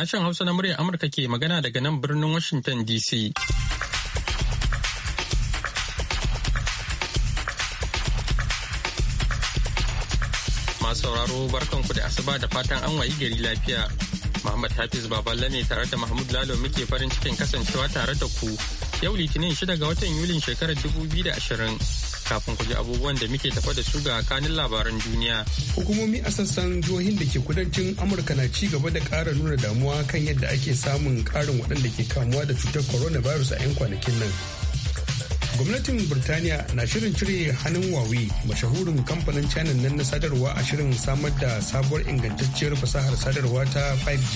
Sashen Hausa na muryar Amurka ke magana daga nan birnin Washington DC. Masu sauraro barkanku da asuba da fatan an wayi gari lafiya. Muhammad Hafiz Baballe ne tare da Mahmud Lalo muke farin cikin kasancewa tare da ku. Yau Litinin 6 ga watan Yulin shekarar 2020. kafin ku ji abubuwan da muke tafa da su ga kanin labaran duniya. Hukumomi a sassan jihohin da ke kudancin Amurka na ci gaba da ƙara nuna damuwa kan yadda ake samun ƙarin waɗanda ke kamuwa da cutar coronavirus a 'yan kwanakin nan. Gwamnatin Birtaniya na shirin cire hannun wawi mashahurin kamfanin China nan na sadarwa a shirin samar da sabuwar ingantacciyar fasahar sadarwa ta 5G.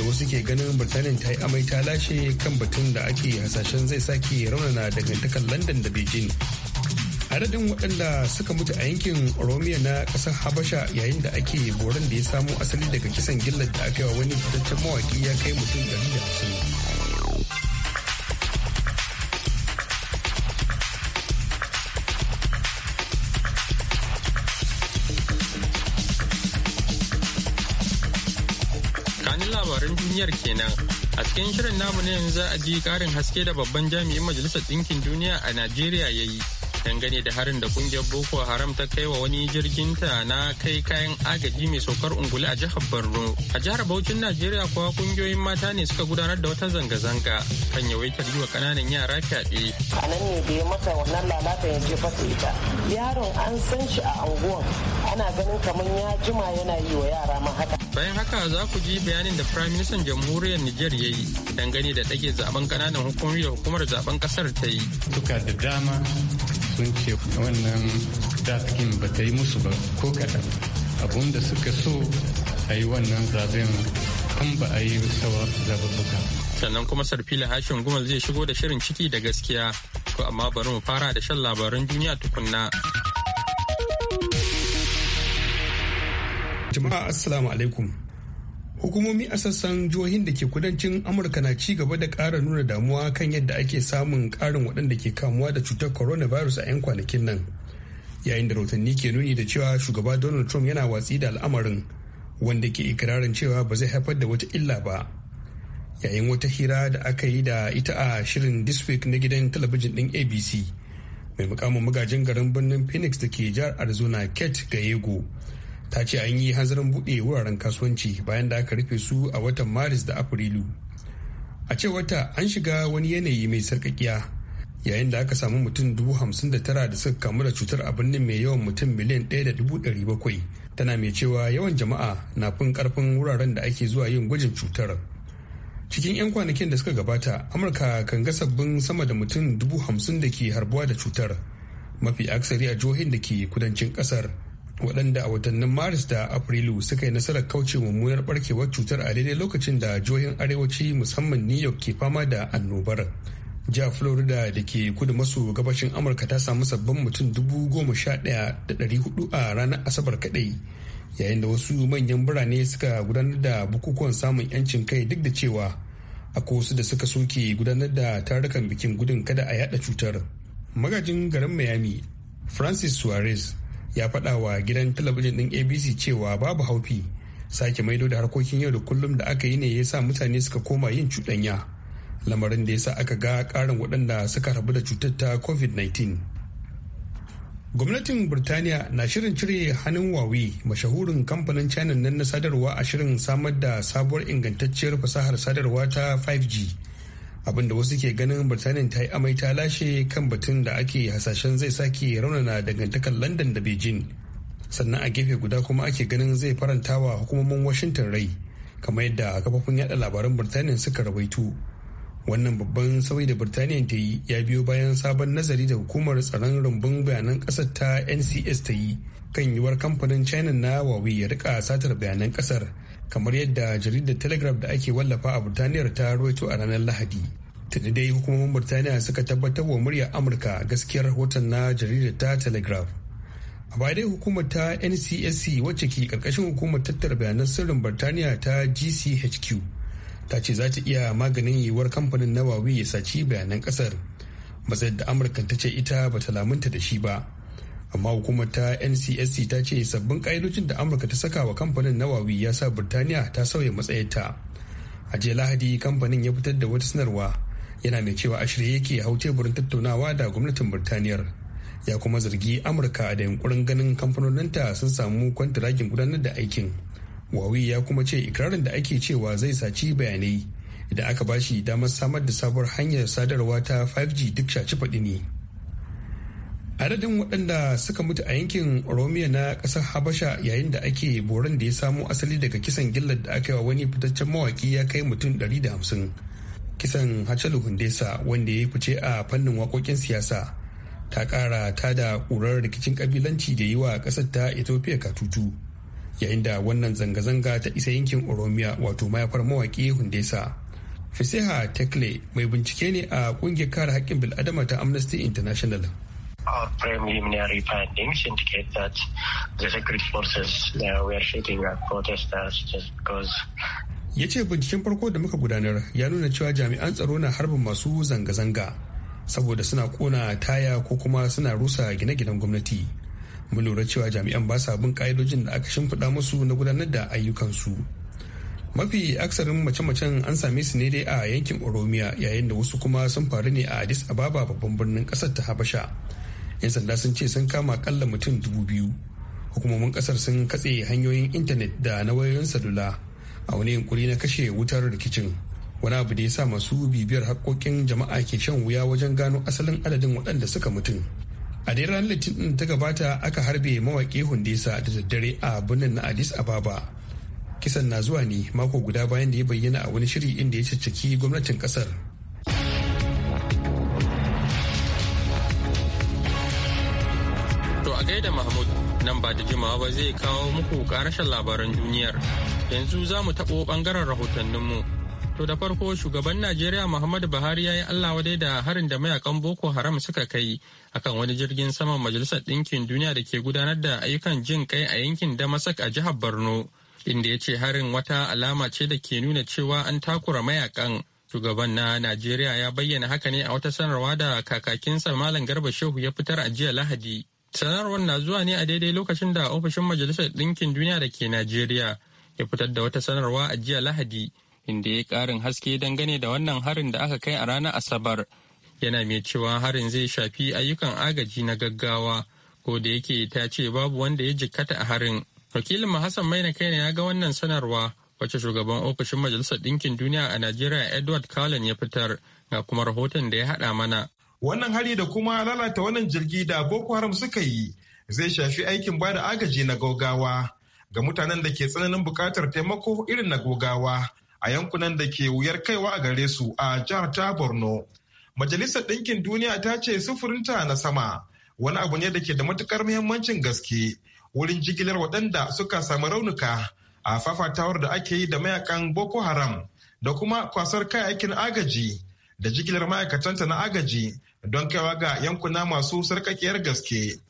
da wasu ke ganin birtaniya ta yi amai ta lashe kan batun da ake hasashen zai sake raunana dangantakar london da beijing adadin waɗanda suka mutu a yankin oromia na ƙasar habasha yayin da ake boron da ya samo asali daga kisan gillar da aka yi wa wani fitaccen mawaƙi ya kai mutum ɗari da hamsin kanun labaran duniyar kenan a cikin shirin namu ne yanzu za a ji karin haske da babban jami'in majalisar ɗinkin duniya a najeriya ya yi dangane da harin da kungiyar boko haram ta kai wa wani jirginta na kai kayan agaji mai saukar ungulu a jihar borno a jihar bauchin najeriya kuwa kungiyoyin mata ne suka gudanar da wata zanga-zanga kan yawaitar yi wa kananan yara fyaɗe a nan ne da ya mata wannan lalata ya jefa ta ita yaron an san shi a anguwan ana ganin kamar ya jima yana yi wa yara ma haka bayan haka za ku ji bayanin da firayim ministan jamhuriyar niger ya yi dangane da ɗage zaben kananan hukumar da hukumar zaben ƙasar ta yi duka da dama sun ce wannan datkin ba ta yi musu ba ko kaɗan da suka so a yi wannan zaben kan ba a yi zaɓuɓɓuka. sannan kuma sarfila hashin gumal zai shigo da shirin ciki da gaskiya ko amma bari mu fara da shan labaran duniya tukunna. jama'a assalamu alaikum hukumomi a sassan jihohin da ke kudancin amurka na ci gaba da ƙara nuna damuwa kan yadda ake samun ƙarin waɗanda ke kamuwa da cutar coronavirus a 'yan kwanakin nan yayin da rahotanni ke nuni da cewa shugaba donald trump yana watsi da al'amarin wanda ke ikirarin cewa ba zai haifar da wata illa ba yayin wata hira da aka yi da ita a shirin this week na gidan talabijin ɗin abc mai mukamin magajin garin birnin phoenix da ke jihar arizona kate gayego ta ce an yi hanzarin buɗe wuraren kasuwanci bayan da aka rufe su a watan maris da afrilu a ce wata an shiga wani yanayi mai sarkakiya yayin da aka samu mutum dubu hamsin da tara da suka kamu da cutar a birnin mai yawan mutum miliyan ɗaya da dubu ɗari bakwai tana mai cewa yawan jama'a na fin karfin wuraren da ake zuwa yin gwajin cutar cikin 'yan kwanakin da suka gabata amurka kan ga sabbin sama da mutum dubu hamsin da ke harbuwa da cutar mafi aksari a jihohin da ke kudancin kasar waɗanda a watannin maris da afrilu suka yi nasarar kauce mummunar barkewar cutar a daidai lokacin da jihohin arewaci musamman new york ke fama da annobar jihar florida da ke kudu maso gabashin amurka ta samu sabbin mutum dubu goma sha ɗaya da ɗari hudu a ranar asabar kaɗai yayin da wasu manyan birane suka gudanar da bukukuwan samun yancin kai duk da cewa akwai wasu da suka soke gudanar da tarukan bikin gudun kada a yada cutar magajin garin miami francis suarez ya faɗa wa gidan talabijin ɗin abc cewa babu haufi sake maido da harkokin yau da kullum da aka yi ne ya sa mutane suka koma yin cuɗanya lamarin da ya sa aka ga ƙarin waɗanda suka rabu da cutar ta covid-19 gwamnatin birtaniya na shirin cire hannun wawi mashahurin kamfanin china nan na sadarwa a shirin samar da sabuwar ingantacciyar fasahar sadarwa ta 5g abinda wasu ke ganin birtaniya ta yi amai ta lashe kan batun da ake hasashen zai sake raunana dangantakar london da beijing sannan a gefe guda kuma ake ganin zai faranta wa hukumomin washington rai kamar yadda kafafun yada labaran birtaniya suka rawaito wannan babban sauyi da birtaniya ta yi ya biyo bayan sabon nazari da hukumar tsaron rumbun bayanan kasar ta ncs ta yi kan yiwuwar kamfanin china na huawei ya rika satar bayanan kasar kamar yadda jaridar telegraph da ake wallafa a burtaniyar ta ruwaito a ranar lahadi tuni dai hukumomin burtaniya suka tabbatar wa muryar amurka gaskiyar rahoton na jaridar ta telegraph a baya dai hukumar ta ncsc wacce ke karkashin hukumar tattara bayanan sirrin burtaniya ta gchq ta ce za ta iya maganin yiwuwar kamfanin na wawi ya saci bayanan kasar matsayar da amurka ta ce ita bata lamunta da shi ba amma hukumar ta ncsc ta ce sabbin ƙa'idojin da amurka ta saka wa kamfanin na nawawi ya sa birtaniya ta sauya matsayarta a jiya lahadi kamfanin ya fitar da wata sanarwa yana mai cewa a shirye yake hau teburin tattaunawa da gwamnatin birtaniyar ya kuma zargi amurka da yunkurin ganin kamfanoninta sun samu kwantiragin gudanar da aikin wawi ya kuma ce ikirarin da ake cewa zai saci bayanai idan aka bashi damar samar da sabuwar hanyar sadarwa ta 5G duk shaci faɗi ne. adadin waɗanda suka mutu a yankin oromiya na ƙasar habasha yayin da ake boran da ya samo asali daga kisan gillar da aka yi wa wani fitaccen mawaki ya kai mutum ɗari da hamsin kisan hachalu hundesa wanda ya yi fice a fannin waƙoƙin siyasa ta ƙara ta da ƙurar rikicin ƙabilanci da yi wa ƙasar ta ethiopia katutu yayin da wannan zanga-zanga ta isa yankin oromia wato mayafar mawaƙi hundesa fisiha tekle mai bincike ne a ƙungiyar kare haƙƙin bil'adama ta amnesty international Our preliminary findings indicate that the security forces uh, were shooting at protesters just because ya ce binciken farko da muka gudanar ya nuna cewa jami'an tsaro na harbin masu zanga-zanga saboda suna kona taya ko kuma suna rusa gine-ginen gwamnati mun lura cewa jami'an ba sa bin ka'idojin da aka shimfiɗa musu na gudanar da ayyukansu mafi aksarin mace-macen an same su ne dai a yankin oromia yayin da wasu kuma sun faru ne a addis ababa babban birnin ƙasar ta habasha 'yan sanda sun ce sun kama akalla mutum dubu biyu hukumomin kasar sun katse hanyoyin intanet da na wayoyin salula a wani yunkuri na kashe wutar rikicin wani abu da ya sa masu bibiyar haƙƙoƙin jama'a ke shan wuya wajen gano asalin adadin waɗanda suka mutum a dai ranar litinin ta gabata aka harbe mawaƙi hundesa da daddare a birnin na addis ababa kisan na zuwa ne mako guda bayan da ya bayyana a wani shiri inda ya cicciki gwamnatin ƙasar a gaida Mahmud nan ba da jimawa ba zai kawo muku karashen labaran duniyar. Yanzu za mu taɓo ɓangaren rahotanninmu. To da farko shugaban Najeriya Muhammadu Buhari ya yi Allah wadai da harin da mayakan Boko Haram suka kai akan wani jirgin saman Majalisar Ɗinkin Duniya da ke gudanar da ayyukan jin kai a yankin Damasak a jihar Borno. Inda ya ce harin wata alama ce da ke nuna cewa an takura mayakan. Shugaban na Najeriya ya bayyana haka ne a wata sanarwa da kakakinsa Malam Garba Shehu ya fitar a jiya Lahadi. Sanarwar na zuwa ne a daidai lokacin da ofishin Majalisar Ɗinkin Duniya da ke Najeriya ya fitar da wata sanarwa a jiya Lahadi inda ya ƙarin haske dangane da wannan harin da aka kai a ranar Asabar. Yana mai cewa harin zai shafi ayyukan agaji na gaggawa ko da yake ta ce babu wanda ya jikkata a harin. Wakilin Hassan Maina kai ne ya ga wannan sanarwa wacce shugaban ofishin Majalisar Ɗinkin Duniya a Najeriya Edward Cullen ya fitar ga kuma rahoton da ya haɗa mana. wannan hari da kuma lalata wannan jirgi da boko haram suka yi zai shafi aikin ba da agaji na gogawa ga mutanen da ke tsananin bukatar taimako irin na gogawa a yankunan da ke wuyar kaiwa a gare su a jihar ta borno majalisar ɗinkin duniya ta ce sufurinta na sama wani abu ne da ke da matukar muhimmancin gaske wurin jigilar waɗanda suka samu raunuka a fafatawar da ake yi da mayakan boko haram da kuma kwasar aikin agaji da jigilar ma'aikatanta na agaji don kaiwa ga yankuna masu sarkakiyar gaske.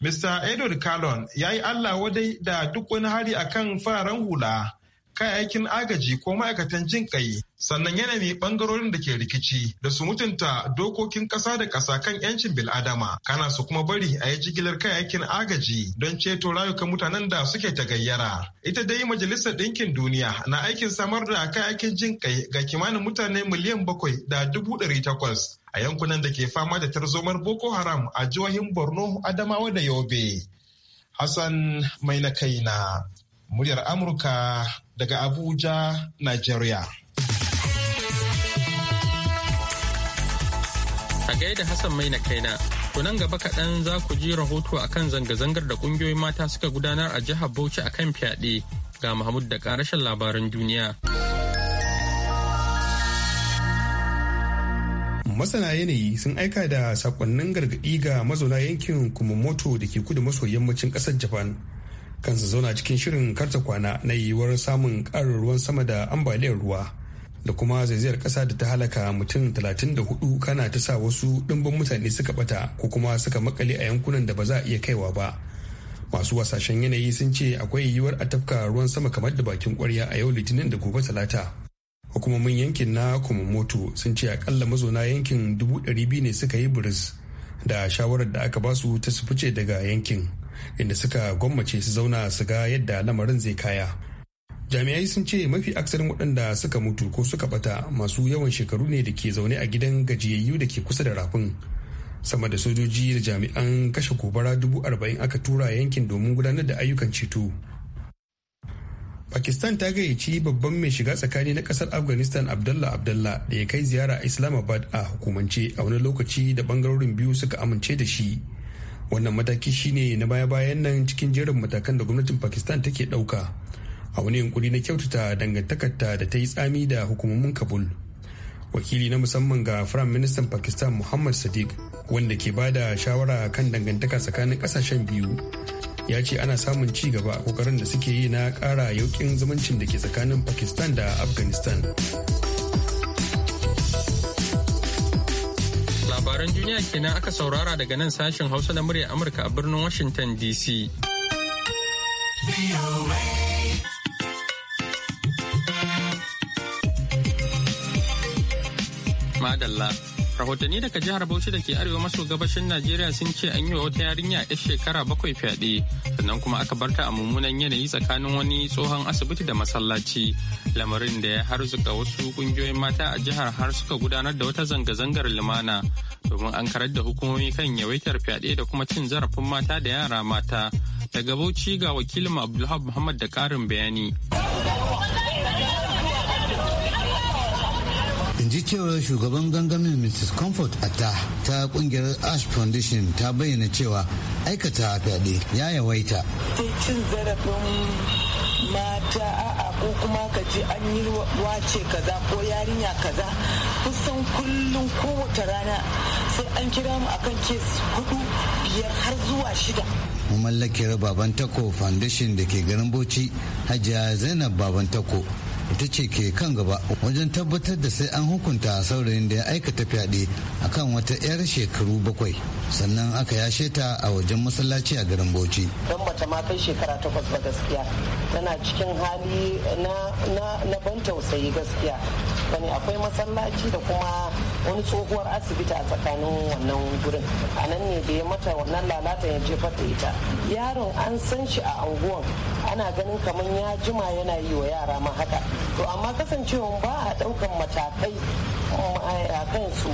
Mr. Edward Callon ya yi Allah wadai da duk wani hari akan fararen hula, kayayyakin agaji ko ma'aikatan jin kai, sannan yanayin ɓangarorin da ke rikici da su mutunta dokokin ƙasa da ƙasa kan 'yancin bil'adama, kana su kuma bari a yi jigilar kayayyakin agaji don ceto rayukan mutanen da suke ta gayyara. Ita dai Majalisar Ɗinkin Duniya na aikin samar da kayayyakin jin kai ga kimanin mutane miliyan bakwai da dubu ɗari takwas a yankunan da ke fama da tarzomar Boko Haram a jihohin Borno, Adamawa da Yobe. Hassan mai na kaina, muryar Amurka daga Abuja, Nigeria. A gaida Hassan mai na kaina, nan gaba kaɗan za ku ji rahoto a kan zanga-zangar da ƙungiyoyin mata suka gudanar a jihar Bauchi kan fyaɗe ga Mahmud da ƙarashin labaran duniya. masana yanayi sun aika da sakonnin gargaɗi ga mazauna yankin kumamoto da ke kudu maso yammacin ƙasar japan kansu zauna cikin shirin karta kwana na yiwuwar samun ƙarin ruwan sama da ambaliyar ruwa da kuma zaizayar ƙasa da ta halaka mutum 34 kana ta sa wasu ɗimbin mutane suka ɓata ko kuma suka makale a yankunan da ba za a iya kaiwa ba masu wasashen yanayi sun ce akwai yiwuwar a tafka ruwan sama kamar da bakin kwarya a yau litinin da gobe talata hukumomin yankin na kumamoto sun ce akalla mazauna yankin dubu biyu ne suka yi buris da shawarar da aka basu ta su fice daga yankin inda suka gwammace su zauna su ga yadda lamarin zai kaya jami'ai sun ce mafi aksarin waɗanda suka mutu ko suka bata masu yawan shekaru ne da ke zaune a gidan gajiyayyu da ke kusa da rafin sama da sojoji da jami'an kashe gobara dubu arba'in aka tura yankin domin gudanar da ayyukan ceto pakistan ta gayyaci babban mai shiga tsakani na kasar afghanistan abdullah abdullah da ya kai ziyara islamabad a hukumance a wani lokaci da bangarorin biyu suka amince da shi wannan mataki shine na baya-bayan nan cikin jerin matakan da gwamnatin pakistan take ɗauka a wani yunkuri na kyautata dangantakarta da ta yi tsami da hukumomin kabul wakili na musamman ga firayim ministan pakistan muhammad sadiq wanda ke ba da shawara kan dangantaka tsakanin kasashen biyu ya ce ana samun ci gaba a kokarin da suke yi na kara yaukin zumuncin da ke tsakanin pakistan da afghanistan labaran duniya kenan aka saurara daga nan sashen hausa na murya amurka a birnin washington dc madalla rahotanni daga jihar bauchi da ke arewa maso gabashin najeriya sun ce an yi wa wata yarinya a shekara bakwai fyaɗe sannan kuma aka barta a mummunan yanayi tsakanin wani tsohon asibiti da masallaci lamarin da ya harzuka wasu kungiyoyin mata a jihar har suka gudanar da wata zanga-zangar lumana domin an karar da hukumomi kan yawaitar fyaɗe da kuma cin zarafin mata da yara mata daga bauchi ga wakilin abdulhab muhammad da karin bayani ji cewar shugaban gangamin mrs comfort atta ta kungiyar ash foundation ta bayyana cewa aikata fyaɗe ya yawaita cin zarafin mata a'a ko kuma ka ji an yi wace kaza ko yarinya kaza kusan kullum kowace rana sai an kira mu akan kes hudu biyar har zuwa shida mallakiyar baban tako foundation da ke garin bauchi hajiya zainab baban tako ita ce ke kan gaba wajen tabbatar da sai an hukunta saurayin da ya aikata fyaɗe akan wata 'yar shekaru bakwai sannan aka yashe ta a wajen masallaci a garin bauchi don bata ma kai shekara takwas ba gaskiya tana cikin hali na ban tausayi gaskiya bane akwai masallaci da kuma wani tsohuwar asibiti a tsakanin wannan gurin a nan ne da ya mata wannan lalata ya jefar da ita yaron an san shi a anguwan ana ganin kamar ya jima yana yi wa yara ma haka to amma kasancewa ba a ɗaukan matakai mm, a kansu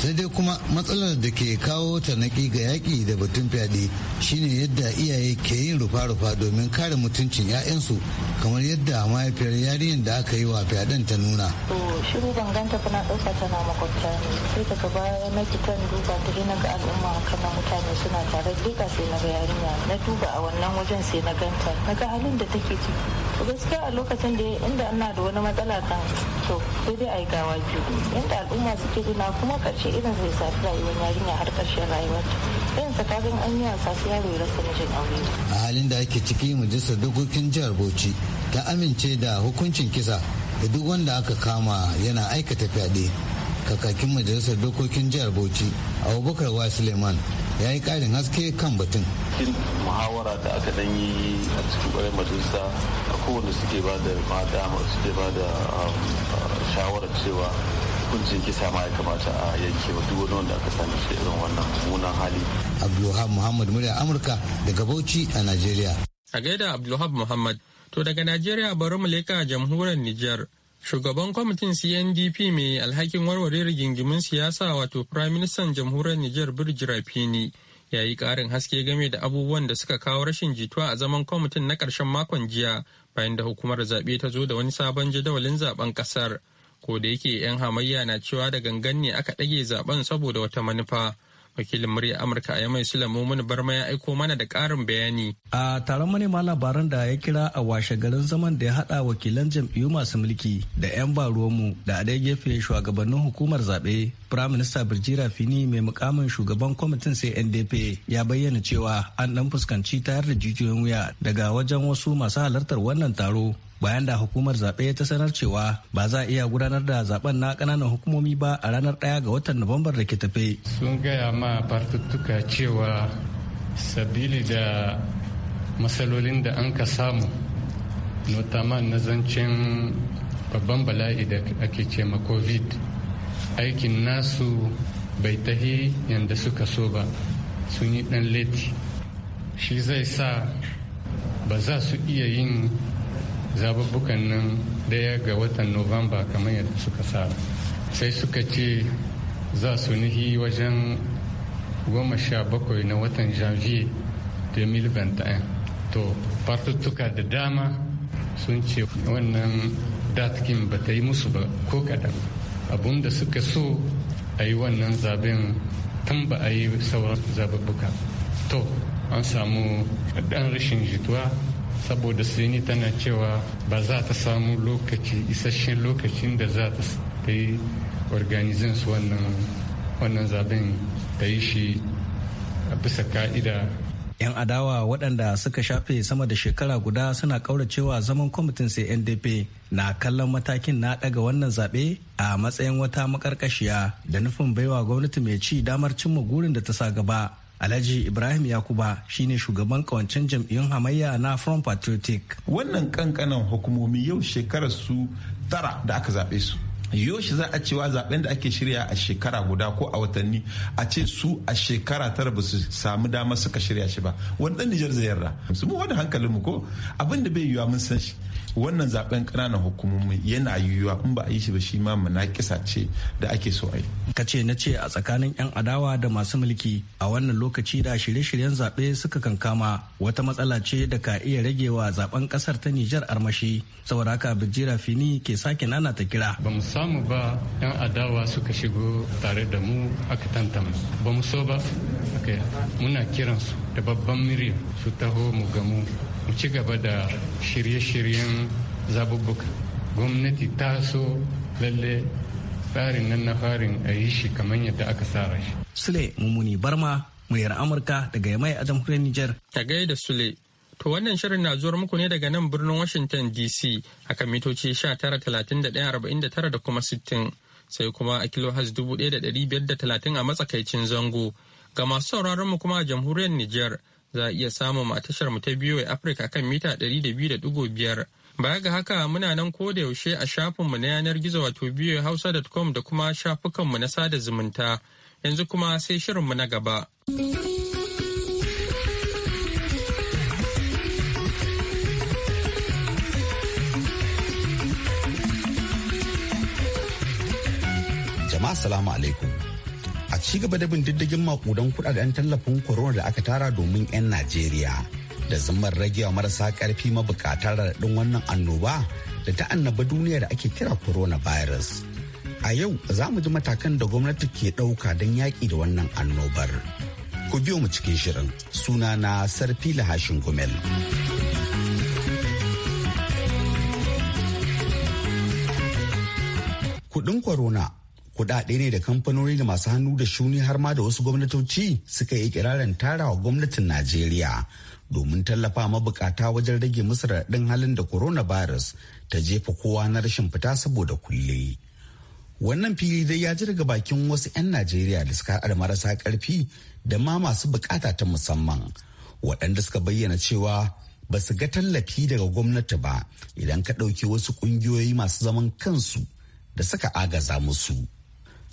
sai dai kuma matsalar da ke kawo tarnaki ga yaƙi da batun fyaɗe shine yadda iyaye ke yin rufa-rufa domin kare mutuncin 'ya'yansu kamar yadda mahaifiyar yarinyar da aka yi wa fyaɗen ta nuna. to shiru danganta ganta ɗauka tana makwabta ne sai daga baya na kitan duba ta na ga al'umma kamar mutane suna tare duka sai na ga yarinya na duba a wannan wajen sai na ganta na ga halin da take ciki gaskiya a lokacin da inda ina da wani matsala kan to sai dai a yi gawa biyu yadda al'umma suke duna kuma karshe irin zai sa rayuwar yarinya har ƙarshen rayuwarta irin tsakanin an yi wasa su yaro ya rasa mijin aure a halin da ake ciki majalisar dokokin jihar bauchi ta amince da hukuncin kisa da duk wanda aka kama yana aikata fyaɗe kakakin majalisar dokokin jihar bauchi abubakar wa suleiman ya yi karin haske kan batun cikin muhawara da aka dan yi a cikin kwarai majalisa a kowanne suke ba da suke ba da um, shawarar cewa hukuncin kisa ma ya kamata a yanke wa duk wani wanda aka same shi irin wannan mummunan hali. Abdulwahab Muhammad murya Amurka daga Bauchi a Najeriya. A gaida Abdulwahab Muhammad to daga Najeriya bari mu leka jamhuriyar Nijar. Shugaban kwamitin CNDP mai alhakin warware rigingimin siyasa wato Prime Minister jamhuriyar Nijar Birji Rafini ya yi ƙarin haske game da abubuwan da suka kawo rashin jituwa a zaman kwamitin na karshen makon jiya bayan da hukumar zaɓe ta zo da wani sabon jadawalin zaben ƙasar. ko da yake 'yan hamayya na cewa da gangan ne aka ɗage zaben saboda wata manufa wakilin murya amurka a yamai sula mun barma ya aiko mana da karin bayani a taron manema labaran da ya kira a washe garin zaman da ya haɗa wakilan jam'iyyu masu mulki da 'yan baruwanmu da a gefe shugabannin hukumar zaɓe firaminista birjira fini mai mukamin shugaban kwamitin sai ndp ya bayyana cewa an ɗan fuskanci tayar da jijiyoyin wuya daga wajen wasu masu halartar wannan taro bayan da hukumar zaɓe ta sanar cewa ba za a iya gudanar da zaben na ƙananan hukumomi ba a ranar ɗaya ga watan nuwambar da ke tafe. sun gaya ma fartuttuka cewa sabili da matsalolin da an ka samu notaman na zancen babban bala'i da ake ce ma covid aikin nasu bai tahi yadda suka so ba sun yi ɗan leti shi zai sa ba za su iya yin zababbukan nan daya ga watan novamba kamar yadda suka sa sai suka ce za su nihi wajen goma sha bakwai na watan janvier 2021 to fartuttuka da dama sun ce wannan datkin ba ta yi musu ba ko kadan da suka so a yi wannan zaben tun ba a yi sauran zababbuka to an samu dan rashin jituwa saboda sini tana cewa ba za ta samu lokaci isasshen lokacin da za ta yi organizin su wannan zaben ta yi shi a bisa ka'ida 'yan adawa waɗanda suka shafe sama da shekara guda suna kauracewa zaman kwamitin ndp na kallon matakin na ɗaga wannan zaɓe a matsayin wata makarkashiya da nufin baiwa gwamnati mai ci damar cimma gurin da ta sa gaba Alhaji Ibrahim Yakuba shine shugaban kawancen jam'iyyun hamayya na Front Patriotic. Wannan kankanan hukumomi yau shekarar su tara da aka zaɓe su. yoshi za a cewa zaɓen da ake shirya a shekara guda ko a watanni a ce su a shekara tara ba su samu dama suka shirya shi ba wani dan Nijar zai yarda su mu wani hankalin mu ko abin da bai yiwa mun san shi wannan zaben kananan hukumomi yana yiwuwa in ba a yi shi ba shi ma munakisa ce da ake so a yi kace na ce a tsakanin 'yan adawa da masu mulki a wannan lokaci da shirye-shiryen zaɓe suka kankama wata matsala ce da ka iya ragewa zaben ƙasar ta Nijar armashi saboda haka Bijira Fini ke sake nana ta kira ba mu samu ba 'yan adawa suka shigo tare da mu aka tantama ba mu so ba muna kiransu da babban murya su taho mu gamu mu ci gaba da shirye-shiryen zabubbuka gwamnati ta so lalle tsarin nan na farin a yi shi kamar yadda aka tsara shi. Sule Mummuni Barma, muryar Amurka daga Yamai a jamhuriyar Nijar. Ta gaida Sule, to wannan shirin na zuwar muku ne daga nan birnin Washington DC a kan mitoci talatin da kuma 60 sai kuma a kilo has 1,530 a matsakaicin zango. Ga masu sauraron mu kuma a jamhuriyar Nijar za a iya samun matashar mu ta biyu Afirka kan mita ɗari da da biyu biyar Baya ga haka muna nan ko da yaushe a shafin mu na yanar gizo wato biyu hausa.com da kuma shafukan mu na sada zumunta. Yanzu kuma sai shirin mu na gaba. Jama'a salamu alaikum. ci gaba da bin diddigin makudan kudaden tallafin korona da aka tara domin 'yan Najeriya da zumar ragewa marasa karfi mabukata raɗin wannan annoba da ta annaba duniya da ake kira coronavirus. A yau za mu ji matakan da gwamnati ke ɗauka don yaƙi da wannan annobar. Ku biyo mu cikin shirin Suna na sarfi lahashin Gumel. kudin corona kudade ne da kamfanoni da masu hannu da shuni har ma da wasu gwamnatoci suka yi kirarin tarawa gwamnatin najeriya domin tallafa mabukata wajen rage musu raɗin halin da coronavirus ta jefa kowa na rashin fita saboda kulle wannan fili dai ya ji daga bakin wasu 'yan najeriya da suka haɗa marasa karfi. da ma masu bukata ta musamman waɗanda suka bayyana cewa ba su ga tallafi daga gwamnati ba idan ka ɗauki wasu ƙungiyoyi masu zaman kansu da suka agaza musu.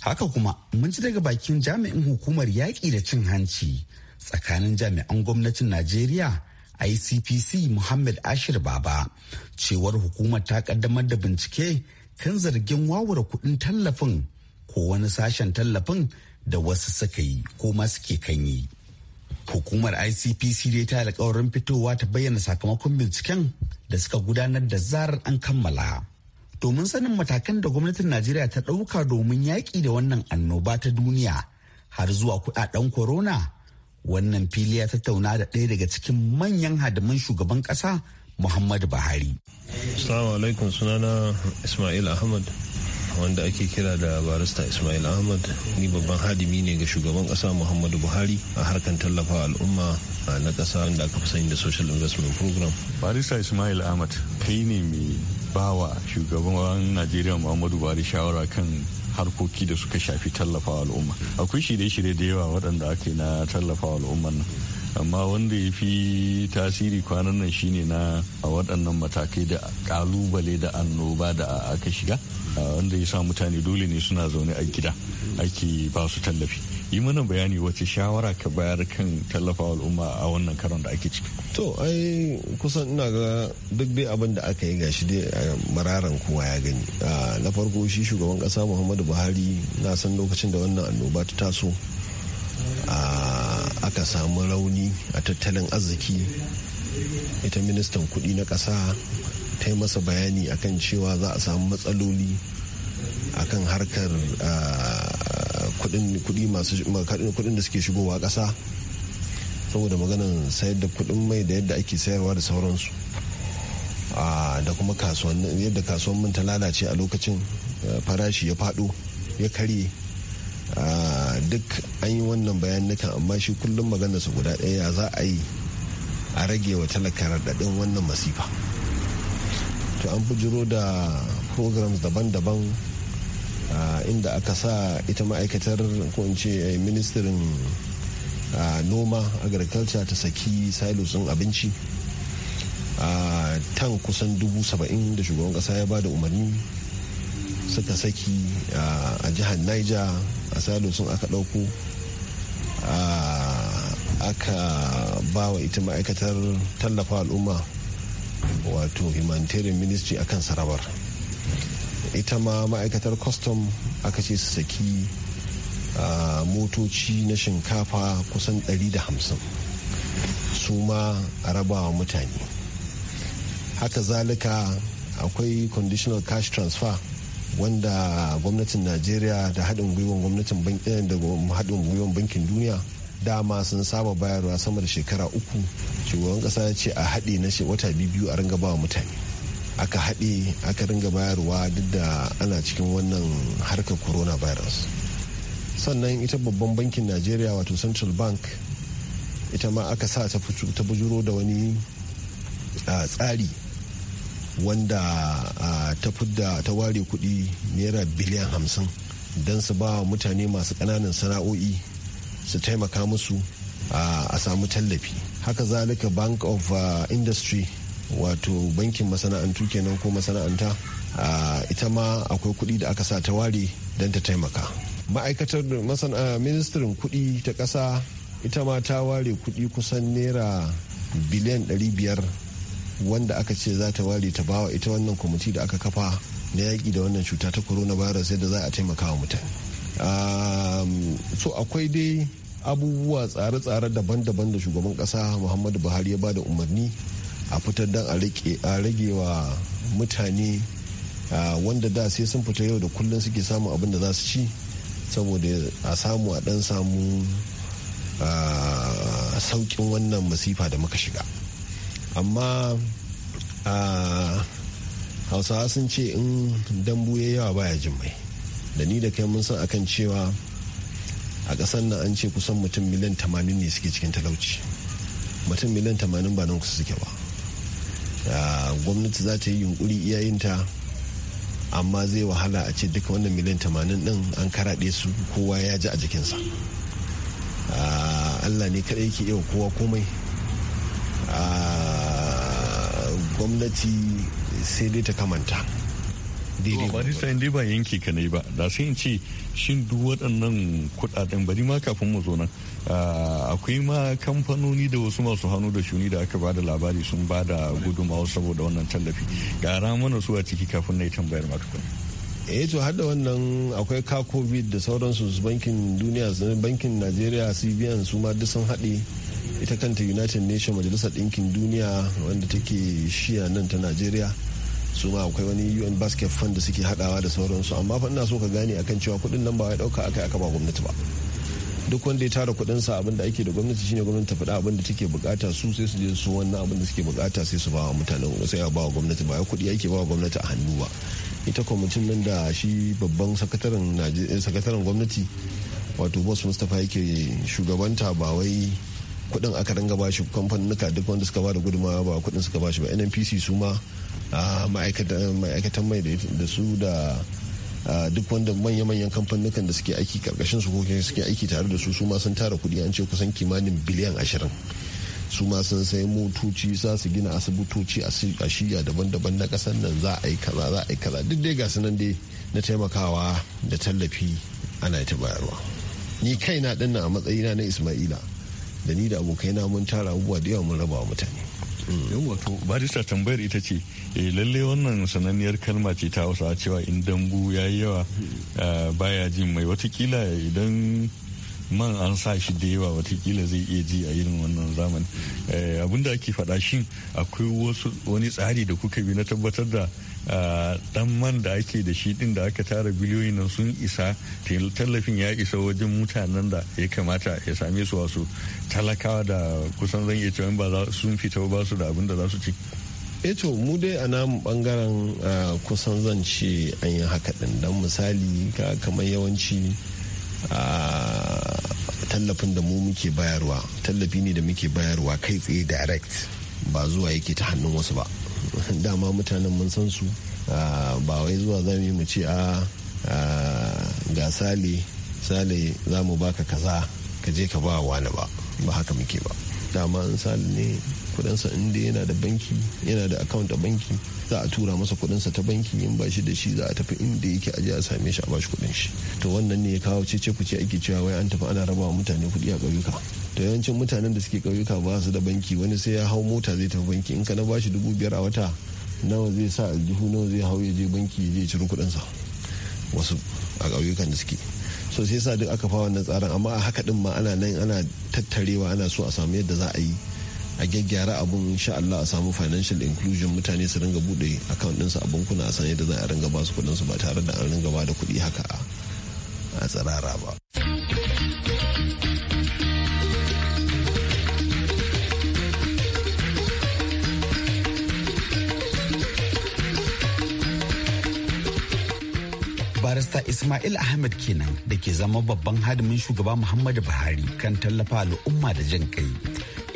haka kuma mun ci daga bakin jami'in hukumar yaƙi da cin hanci tsakanin jami'an gwamnatin najeriya icpc muhammad ashir baba cewar hukumar ta kaddamar da bincike kan zargin wawura kuɗin tallafin ko wani sashen tallafin da wasu suka yi ko masu ke kan yi hukumar icpc dai ta alkawarin fitowa ta bayyana sakamakon binciken da suka gudanar da zarar an kammala domin sanin matakan da gwamnatin Najeriya ta ɗauka domin yaƙi da wannan annoba ta duniya har zuwa kuɗaɗen corona. Wannan fili ya tattauna da ɗaya daga cikin manyan hadiman shugaban ƙasa Muhammadu Buhari. Assalamu alaikum sunana Ismail Ahmad wanda ake kira da barista Ismail Ahmad ni babban hadimi ne ga shugaban ƙasa Muhammadu Buhari a harkan tallafa al'umma na ƙasa da aka fi sani da Social Investment Program. Barista Ismail Ahmad kai ne mai bawa shugaban najeriya muhammadu buhari shawara kan harkoki da suka shafi tallafawa al'umma akwai shirye-shirye da yawa waɗanda ake na tallafawa al'umman nan amma wanda ya fi tasiri kwanan nan shine na a waɗannan matakai da kalubale da annoba da aka shiga wanda ya sa mutane dole ne suna zaune a gida ake ba su tallafi yi mana bayani wace shawara ka bayar kan tallafa al'umma a wannan karon da ake ciki to ai kusan ina ga duk dai abin da aka yi gashi dai a mararan kowa ya gani na farko shi shugaban kasa muhammadu buhari na san lokacin da wannan annoba ta taso aka samu rauni a tattalin arziki ita ministan kudi na kasa ta yi masa bayani akan cewa za a samu matsaloli akan harkar kuɗin kuɗi kuɗin da suke shigowa ƙasa saboda maganan sayar da kuɗin mai da yadda ake sayarwa da sauransu da kuma kasuwan yadda kasuwan man ta lalace a lokacin eh, farashi ya faɗo ya karye duk an yi wannan bayanikan amma shi kullum maganarsa guda ɗaya za a yi a rage wa talaka raɗaɗin wannan masifa to an bujiro da programs daban-daban inda aka sa ita ma'aikatar ko in ce eh, ministirin noma agriculture ta saki silos din abinci a tan kusan dubu saba'in da shugaban kasa ya bada umarni suka saki a jihar niger a salo aka dauko aka ba wa ita ma'aikatar tallafa al'umma wato humanitarian ministry akan sarabar ita ma ma'aikatar kwastam aka ce su saki motoci na shinkafa kusan 150 su ma a rabawa mutane haka zalika akwai conditional cash transfer wanda gwamnatin najeriya da haɗin gwiwon gwamnatin eh, da bankin duniya dama sun saba bayarwa sama da shekara uku shugaban ƙasa ya ce a haɗe na wata biyu a ringa ba mutane aka haɗe aka ringa bayarwa duk da ana cikin wannan harkar coronavirus sannan ita babban bankin najeriya wato central bank ita ma aka sa ta bujuro da wani tsari wanda ta fudda ta ware kudi naira biliyan hamsin don su ba mutane masu ƙananan sana'o'i su taimaka musu a samu tallafi haka zalika bank of industry wato bankin masana'antu kenan ko masana'anta ita ma akwai kuɗi da aka sa ta ware don ta taimaka ma'aikatar ministirin kuɗi ta ƙasa ita ma ta ware kuɗi kusan naira biliyan 500 wanda aka ce za ta ware ta bawa ita wannan kwamiti da aka kafa na yaƙi da wannan cuta ta coronavirus yadda za a taimaka wa mutane so akwai dai abubuwa tsare-tsare daban-daban da shugaban ƙasa muhammadu buhari ya ba da umarni a fitar don a rage wa mutane wanda da sai sun fita yau da kullum suke samun abin da za su ci saboda a samu a dan samu saukin wannan masifa da muka shiga amma hausawa sun ce in dambu ya yawa baya jin mai da ni da kai mun san akan cewa a ƙasar nan an ce kusan mutum miliyan 80 ne suke cikin talauci mutum miliyan 80 ba nan kusa suke ba gwamnati za ta yi yunkuri iyayinta amma zai wahala a ce duka wannan miliyan tamanin din an karaɗe su kowa ya ji a jikinsa ah, allah ne kaɗai ke iya kowa komai ah, gwamnati sai dai ta kamanta daidai ba dai dai ba yanki ka ne ba da sai in ce shin duk waɗannan kuɗaɗen bari ma kafin mu zo nan akwai ma kamfanoni da wasu masu hannu da shuni da aka ba da labari sun ba da gudunmawa saboda wannan tallafi gara mana su a ciki kafin na yi tambayar ma eh to hada wannan akwai ka covid da sauransu bankin duniya bankin najeriya cbn su ma duk sun haɗe ita kanta united nation majalisar ɗinkin duniya wanda take shiya nan ta najeriya su ma akwai wani un basket fund da suke hadawa da sauransu amma fa ina so ka gane akan cewa kudin nan ba wai dauka akai aka ba gwamnati ba duk wanda ya tara kudin sa abin da ake da gwamnati shine gwamnati ta faɗa abin da take bukata su sai su je su wannan abin da suke bukata sai su ba wa mutanen sai a ba wa gwamnati ba kudi ake ba wa gwamnati a hannu ba ita kwamitin nan da shi babban eh, sakataren gwamnati wato boss mustapha yake shugabanta ba wai kudin aka dinga bashi kamfanin duk wanda suka ba da gudunmawa ba kudin suka bashi ba nnpc su ma ma'aikatan mai da su da duk wanda manya-manyan kamfanin da suke aiki karkashin su ko suke aiki tare da su su sun tara kudi an ce kusan kimanin biliyan ashirin su sun sai motoci za su gina asibitoci a shiya daban-daban na kasar nan za a yi kaza za a yi kaza duk dai gasu nan dai na taimakawa da tallafi ana ta bayarwa ni kaina dinnan a matsayina na ismaila da ni da abokaina mun tara abubuwa da yawa mun raba wa mutane wato barista tambayar ita ce eh, lalle wannan sananniyar kalma ce ta hausa cewa in dambu ya yi yawa eh, baya jin mai watakila idan man an sa shi da yawa watakila zai iya ji a irin wannan zamani eh, abinda ake faɗa shin akwai wani tsari da kuka bi na tabbatar da dan man da ake da shi din da aka tara biliyoyin nan sun isa tallafin ya isa wajen mutanen da ya kamata ya same su wasu talakawa da kusan zan iya cewa ba sun fita ba su da abin da za su ci eto eh mu dai a namu bangaren kusan zan ce an yi haka din dan misali kamar yawanci tallafin da mu muke bayarwa tallafi ne da muke bayarwa kai tsaye direct ba zuwa yake ta hannun wasu ba dama mutanen mun san su ah, ba wai zuwa za mu ce a ah, ah, ga sale sale za mu baka kaza ka je ka ba wani ba ba haka muke ba dama in sale ne kudinsa inda yana da banki yana da account a banki za a tura masa kudinsa ta banki in ba shi da shi za a tafi inda yake aje a same shi a bashi kudin shi to wannan ne ya kawo cece kuce ake cewa wai an tafi ana rabawa mutane kudi a ƙauyuka da yawancin mutanen da suke ƙauyuka ba su da banki wani sai ya hau mota zai tafi banki in ka na bashi dubu biyar a wata nawa zai sa aljihu nawa zai hau ya je banki zai je ciro kuɗinsa wasu a ƙauyukan da suke so sai sa duk aka fa wannan tsarin amma a haka din ma ana nan ana tattarewa ana so a samu yadda za a yi a gyaggyara abun insha Allah a samu financial inclusion mutane su ringa bude account ɗinsu a bankuna a san yadda za a ringa ba su ba tare da an ringa ba da kuɗi haka a tsirara ba barista Ismail Ahmed kenan da ke zama babban hadimin shugaba Muhammadu Buhari kan tallafa al'umma da jin kai.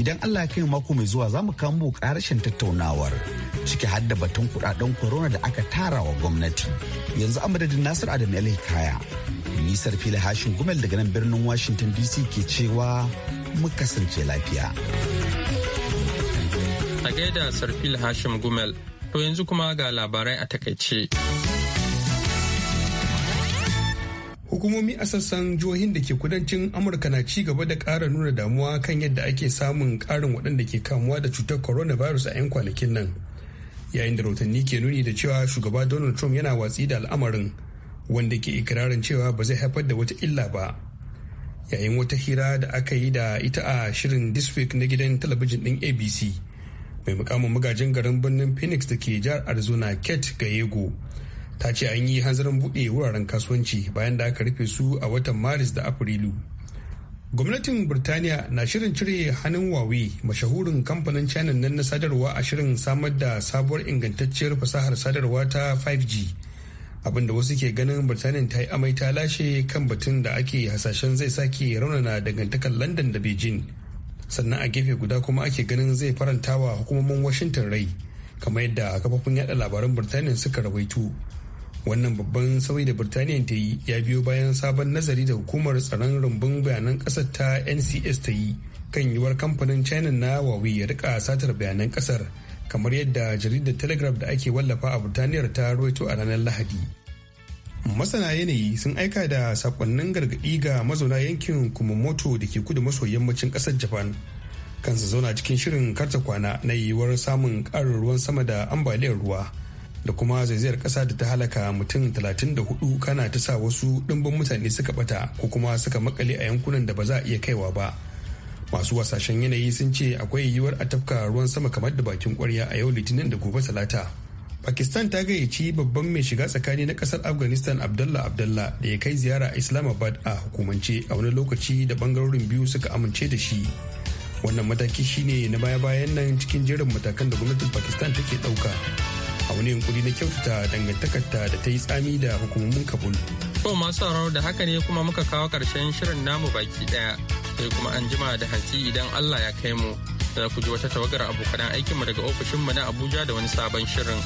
Idan Allah ya kai mako mai zuwa za mu kamo karashin tattaunawar ciki har da batun kudaden corona da aka tara wa gwamnati. Yanzu amadadin Nasir Adam Ali Kaya. Nisar fili hashin gumel daga nan birnin Washington DC ke cewa mu kasance lafiya. A gaida Sarfil Hashim Gumel, to yanzu kuma ga labarai a takaice. hukumomi a sassan jihohin da ke kudancin amurka na ci gaba da ƙara nuna damuwa kan yadda ake samun ƙarin waɗanda ke kamuwa da cutar coronavirus a 'yan kwanakin nan yayin da rahotanni ke nuni da cewa shugaba donald trump yana watsi da al'amarin wanda ke ikirarin cewa ba zai haifar da wata illa ba yayin wata hira da aka yi da ita a shirin District na gidan talabijin ɗin abc mai mukamin magajin garin birnin phoenix da ke jihar arizona kate gayego ta ce an yi hanzarin buɗe wuraren kasuwanci bayan da aka rufe su a watan maris da afrilu gwamnatin birtaniya na shirin cire hannun wawe mashahurin kamfanin china nan na sadarwa a shirin samar da sabuwar ingantacciyar fasahar sadarwa ta 5g abinda wasu ke ganin birtaniya ta yi amai ta lashe kan batun da ake hasashen zai sake raunana dangantakar london da beijing sannan a gefe guda kuma ake ganin zai faranta wa hukumomin washington rai kamar yadda kafafun yada labaran birtaniya suka rawaito wannan babban sauyi da birtaniya ta yi ya biyo bayan sabon nazari da hukumar tsaron rumbun bayanan kasar ta ncs ta yi kan yiwuwar kamfanin china na huawei ya rika satar bayanan kasar kamar yadda jaridar telegraph da ake wallafa a birtaniyar ta ruwaito a ranar lahadi masana yanayi sun aika da sakonnin gargaɗi ga mazauna yankin kumamoto da ke kudu maso yammacin ƙasar japan kansa zauna cikin shirin karta kwana na yiwuwar samun ƙarin ruwan sama da ambaliyar ruwa da kuma zaizayar ƙasa da ta halaka mutum 34 kana ta sa wasu ɗimbin mutane suka bata ko kuma suka makale a yankunan da ba za a iya kaiwa ba masu wasashen yanayi sun ce akwai yiwuwar a tafka ruwan sama kamar da bakin kwarya a yau litinin da gobe talata pakistan ta gayyaci babban mai shiga tsakani na kasar afghanistan abdullah abdullah da ya kai ziyara islamabad a hukumance a wani lokaci da bangarorin biyu suka amince da shi wannan mataki shine na baya-bayan nan cikin jerin matakan da gwamnatin pakistan take ɗauka. a wani yunkuri na kyautata dangantakarta da ta yi tsami da hukumomin kabul to masu sauraro da haka ne kuma muka kawo karshen shirin namu baki daya sai kuma an jima da hantsi idan allah ya kai mu za ku ji wata tawagar abokan mu daga ofishin mu na abuja da wani sabon shirin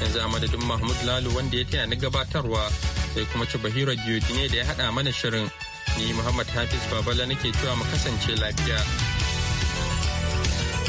yanzu a madadin mahmud lalu wanda ya taya ni gabatarwa sai kuma ci bahira ne da ya haɗa mana shirin ni muhammad hafiz babala nake cewa mu kasance lafiya